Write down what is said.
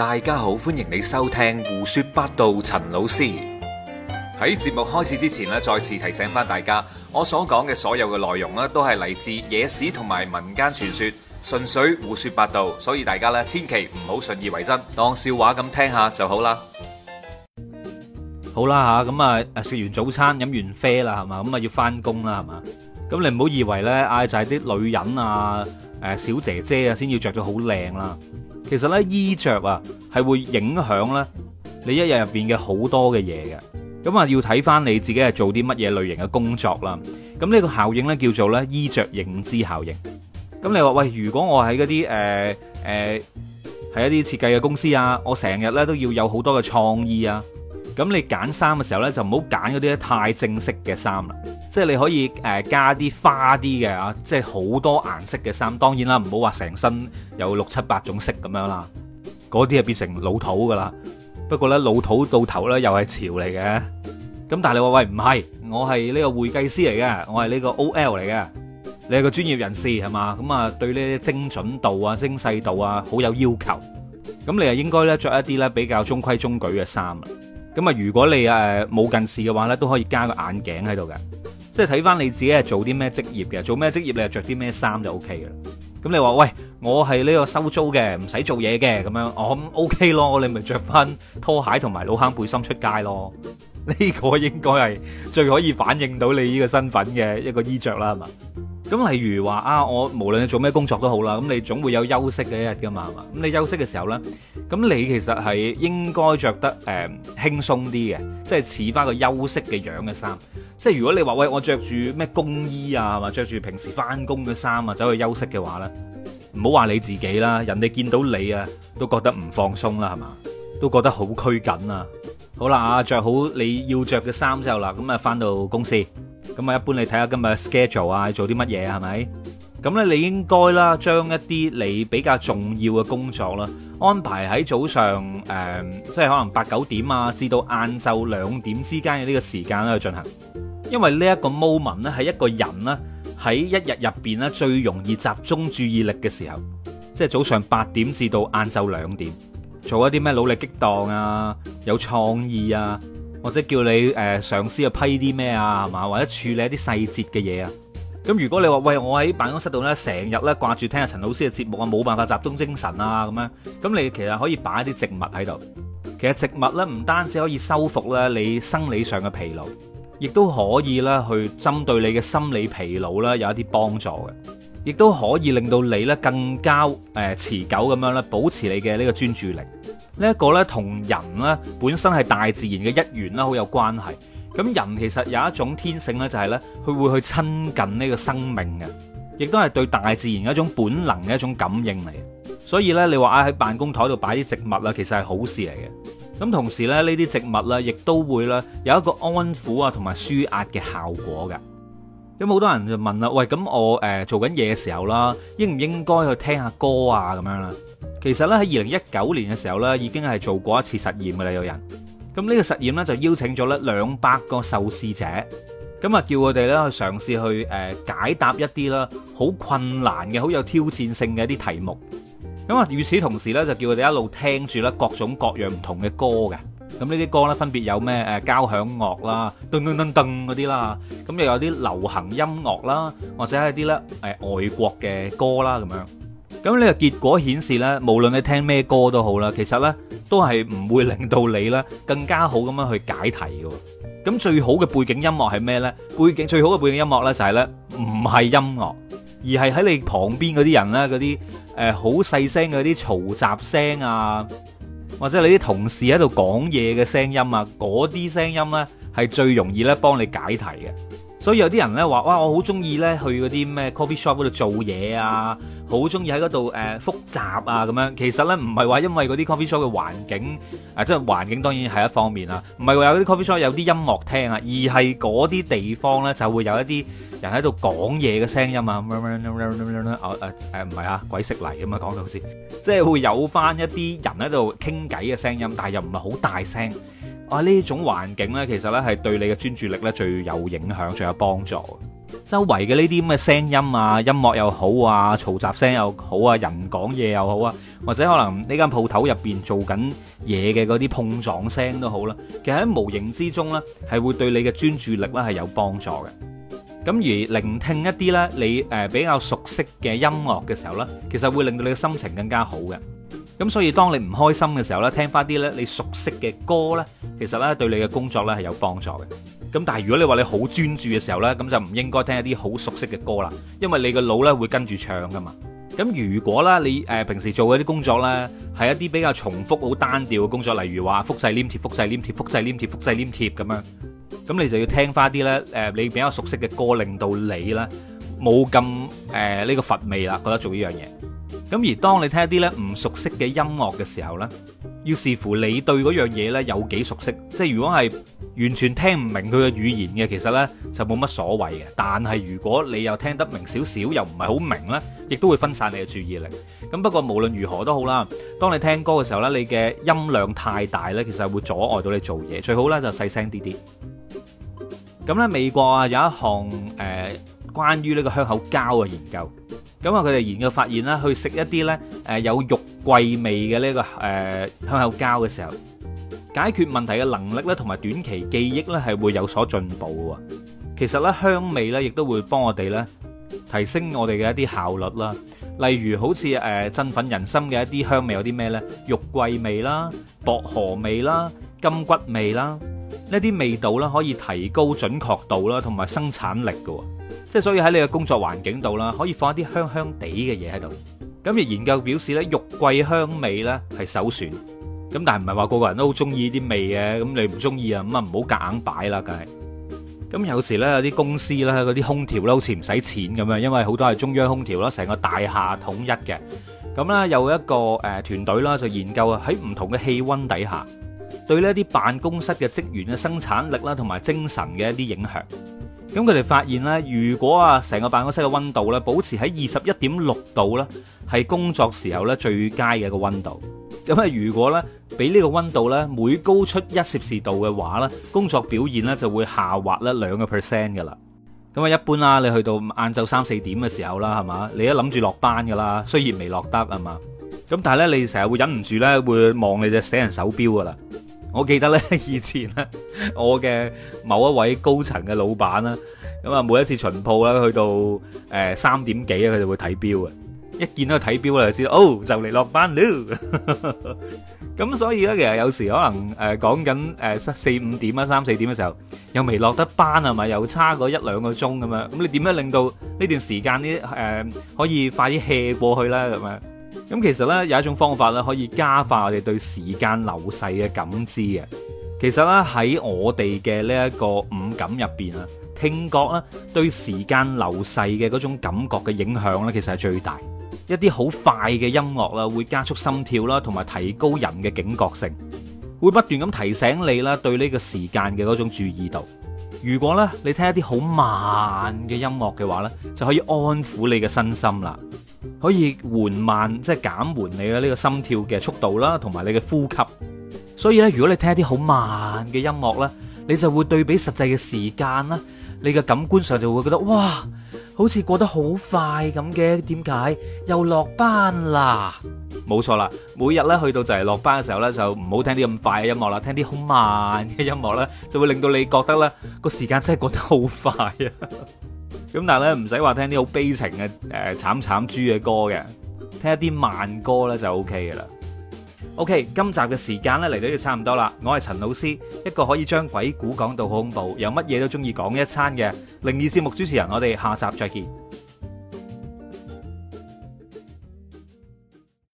大家好，歡迎你收聽胡說八道。陳老師喺節目開始之前咧，再次提醒翻大家，我所講嘅所有嘅內容咧，都係嚟自野史同埋民間傳說，純粹胡說八道，所以大家咧千祈唔好信以為真，當笑話咁聽下就好啦。好啦吓，咁啊食完早餐，飲完啡啦，係嘛，咁啊要翻工啦，係嘛，咁你唔好以為咧，嗌就係啲女人啊，誒小姐姐啊，先要着得好靚啦。其實呢衣着啊，係會影響呢你一日入邊嘅好多嘅嘢嘅，咁啊要睇翻你自己係做啲乜嘢類型嘅工作啦。咁、這、呢個效應呢叫做呢衣着認知效應。咁你話喂，如果我喺嗰啲誒誒係一啲、呃呃、設計嘅公司啊，我成日呢都要有好多嘅創意啊，咁你揀衫嘅時候呢，就唔好揀嗰啲太正式嘅衫啦。即係你可以誒加啲花啲嘅啊，即係好多顏色嘅衫。當然啦，唔好話成身有六七百種色咁樣啦，嗰啲係變成老土噶啦。不過咧，老土到頭咧又係潮嚟嘅。咁但係你話喂唔係，我係呢個會計師嚟嘅，我係呢個 OL 嚟嘅，你係個專業人士係嘛？咁啊，對呢啲精準度啊、精細度啊好有要求。咁你啊應該咧着一啲咧比較中規中矩嘅衫。咁啊，如果你誒冇、呃、近視嘅話咧，都可以加個眼鏡喺度嘅。即係睇翻你自己係做啲咩職業嘅，做咩職業你係着啲咩衫就 O K 嘅啦。咁你話，喂，我係呢個收租嘅，唔使做嘢嘅，咁樣我 O K 咯，我哋咪着翻拖鞋同埋老坑背心出街咯。呢個應該係最可以反映到你呢個身份嘅一個衣着啦，係嘛？咁例如話啊，我無論你做咩工作都好啦，咁你總會有休息嘅一日噶嘛，咁你休息嘅時候咧，咁你其實係應該着得誒、呃、輕鬆啲嘅，即係似翻個休息嘅樣嘅衫。即係如果你話喂，我着住咩工衣啊，或者着住平時翻工嘅衫啊，走去休息嘅話咧，唔好話你自己啦，人哋見到你啊都覺得唔放鬆啦，係嘛，都覺得好拘謹啊。好啦，啊着好你要着嘅衫之後啦，咁啊翻到公司。咁啊，一般你睇下今日 schedule 啊，做啲乜嘢係咪？咁咧，你應該啦，將一啲你比較重要嘅工作啦，安排喺早上，誒，即係可能八九點啊，至到晏晝兩點之間嘅呢個時間咧去進行，因為呢一個 moment 咧係一個人咧喺一日入邊咧最容易集中注意力嘅時候，即係早上八點至到晏晝兩點，做一啲咩腦力激盪啊，有創意啊。或者叫你誒、呃、上司批啲咩啊，係嘛？或者處理一啲細節嘅嘢啊。咁如果你話喂，我喺辦公室度呢，成日呢掛住聽下陳老師嘅節目啊，冇辦法集中精神啊咁樣。咁你其實可以擺一啲植物喺度。其實植物呢，唔單止可以修復呢你生理上嘅疲勞，亦都可以呢去針對你嘅心理疲勞啦。有一啲幫助嘅，亦都可以令到你呢更加、呃、持久咁樣呢，保持你嘅呢個專注力。呢一個咧，同人咧本身係大自然嘅一員啦，好有關係。咁人其實有一種天性呢就係呢，佢會去親近呢個生命嘅，亦都係對大自然一種本能嘅一種感應嚟。所以呢，你話啊喺辦公台度擺啲植物啦，其實係好事嚟嘅。咁同時咧，呢啲植物呢亦都會呢有一個安撫啊同埋舒壓嘅效果嘅。有冇好多人就問啦？喂，咁我誒做緊嘢嘅時候啦，應唔應該去聽下歌啊？咁樣啦。其實咧喺二零一九年嘅時候咧，已經係做過一次實驗嘅啦，有人。咁呢個實驗咧就邀請咗咧兩百個受試者，咁啊叫佢哋咧去嘗試去誒解答一啲啦好困難嘅、好有挑戰性嘅一啲題目。咁啊，與此同時咧，就叫佢哋一路聽住咧各種各樣唔同嘅歌嘅。咁呢啲歌咧分別有咩誒交響樂啦、噔噔噔噔嗰啲啦，咁又有啲流行音樂啦，或者係啲咧誒外國嘅歌啦咁樣。咁呢個結果顯示呢，無論你聽咩歌都好啦，其實呢都係唔會令到你呢更加好咁樣去解題嘅。咁最好嘅背景音樂係咩呢？背景最好嘅背景音樂呢就係呢：唔係音樂，而係喺你旁邊嗰啲人呢，嗰啲誒好細聲嘅嗰啲嘈雜聲啊，或者你啲同事喺度講嘢嘅聲音啊，嗰啲聲音呢係最容易呢幫你解題嘅。所以有啲人咧話哇，我好中意咧去嗰啲咩 coffee shop 嗰度做嘢啊，好中意喺嗰度誒複雜啊咁樣。其實咧唔係話因為嗰啲 coffee shop 嘅環境，誒即係環境當然係一方面啦。唔係話有啲 coffee shop 有啲音樂聽啊，而係嗰啲地方咧就會有一啲人喺度講嘢嘅聲音啊，誒誒唔係啊，鬼食泥咁啊講到先，即係會有翻一啲人喺度傾偈嘅聲音，但係又唔係好大聲。啊！呢種環境咧，其實咧係對你嘅專注力咧最有影響，最有幫助。周圍嘅呢啲咁嘅聲音啊，音樂又好啊，嘈雜聲又好啊，人講嘢又好啊，或者可能呢間鋪頭入邊做緊嘢嘅嗰啲碰撞聲都好啦，啊。其實喺無形之中咧，係會對你嘅專注力咧係有幫助嘅。咁而聆聽一啲咧，你誒比較熟悉嘅音樂嘅時候咧，其實會令到你嘅心情更加好嘅。咁所以，當你唔開心嘅時候呢，聽翻啲呢，你熟悉嘅歌呢，其實呢對你嘅工作呢係有幫助嘅。咁但係如果你話你好專注嘅時候呢，咁就唔應該聽一啲好熟悉嘅歌啦，因為你個腦呢會跟住唱噶嘛。咁如果呢你誒平時做嗰啲工作呢，係一啲比較重複、好單調嘅工作，例如話複製黏貼、複製黏貼、複製黏貼、複製黏貼咁樣，咁你就要聽翻啲呢誒你比較熟悉嘅歌，令到你呢冇咁誒呢個乏味啦，覺得做呢樣嘢。咁而當你聽一啲呢唔熟悉嘅音樂嘅時候呢，要視乎你對嗰樣嘢呢有幾熟悉。即係如果係完全聽唔明佢嘅語言嘅，其實呢就冇乜所謂嘅。但係如果你又聽得明少少，又唔係好明呢，亦都會分散你嘅注意力。咁不過無論如何都好啦。當你聽歌嘅時候呢，你嘅音量太大呢，其實會阻礙到你做嘢。最好呢就細聲啲啲。咁呢美國啊有一項誒關於呢個香口膠嘅研究。咁啊，佢哋研究發現啦，去食一啲咧，誒有肉桂味嘅呢個誒香口膠嘅時候，解決問題嘅能力咧，同埋短期記憶咧，係會有所進步嘅。其實咧，香味咧，亦都會幫我哋咧提升我哋嘅一啲效率啦。例如好似誒振奮人心嘅一啲香味有啲咩咧？肉桂味啦，薄荷味啦，金桔味啦。呢啲味道啦，可以提高準確度啦，同埋生產力㗎喎，即係所以喺你嘅工作環境度啦，可以放一啲香香地嘅嘢喺度。咁嘅研究表示咧，玉桂香味咧係首選。咁但係唔係話個個人都好中意呢啲味嘅。咁你唔中意啊，咁啊唔好夾硬擺啦，梗係。咁有時咧有啲公司咧嗰啲空調咧，好似唔使錢咁樣，因為好多係中央空調咯，成個大廈統一嘅。咁咧有一個誒團隊啦，就研究啊喺唔同嘅氣温底下。對呢啲辦公室嘅職員嘅生產力啦，同埋精神嘅一啲影響。咁佢哋發現呢，如果啊成個辦公室嘅温度呢保持喺二十一點六度呢，係工作時候呢最佳嘅一個温度。咁啊，如果呢，俾呢個温度呢每高出一攝氏度嘅話呢，工作表現呢就會下滑呢兩個 percent 噶啦。咁啊，一般啦，你去到晏晝三四點嘅時候啦，係嘛？你一諗住落班噶啦，雖然未落得，係嘛？咁但係呢，你成日會忍唔住呢，會望你隻死人手錶噶啦。我記得咧，以前咧，我嘅某一位高層嘅老闆啦，咁啊每一次巡鋪啦，去到誒三點幾啊，佢就會睇表啊，一見到佢睇表咧，就知道哦，就嚟落班了。咁所以咧，其實有時可能誒講緊誒四五點啊、三四點嘅時候，又未落得班啊嘛，又差過一兩個鐘咁樣，咁你點樣令到呢段時間呢誒可以快啲 hea 過去啦咁樣？咁其實呢，有一種方法咧，可以加快我哋對時間流逝嘅感知嘅。其實呢，喺我哋嘅呢一個五感入邊啊，聽覺咧對時間流逝嘅嗰種感覺嘅影響呢，其實係最大。一啲好快嘅音樂啦，會加速心跳啦，同埋提高人嘅警覺性，會不斷咁提醒你啦，對呢個時間嘅嗰種注意度。如果呢，你聽一啲好慢嘅音樂嘅話呢，就可以安撫你嘅身心啦。可以緩慢即係減緩你嘅呢個心跳嘅速度啦，同埋你嘅呼吸。所以咧，如果你聽一啲好慢嘅音樂咧，你就會對比實際嘅時間啦。你嘅感官上就會覺得哇，好似過得好快咁嘅。點解又落班啦？冇錯啦，每日咧去到就係落班嘅時候咧，就唔好聽啲咁快嘅音樂啦，聽啲好慢嘅音樂咧，就會令到你覺得呢個時間真係過得好快啊。咁但係咧唔使話聽啲好悲情嘅誒慘慘豬嘅歌嘅，聽一啲慢歌咧就 O K 嘅啦。OK，今集嘅時間呢嚟到就差唔多啦。我係陳老師，一個可以將鬼故講到好恐怖，又乜嘢都中意講一餐嘅靈異節目主持人。我哋下集再見。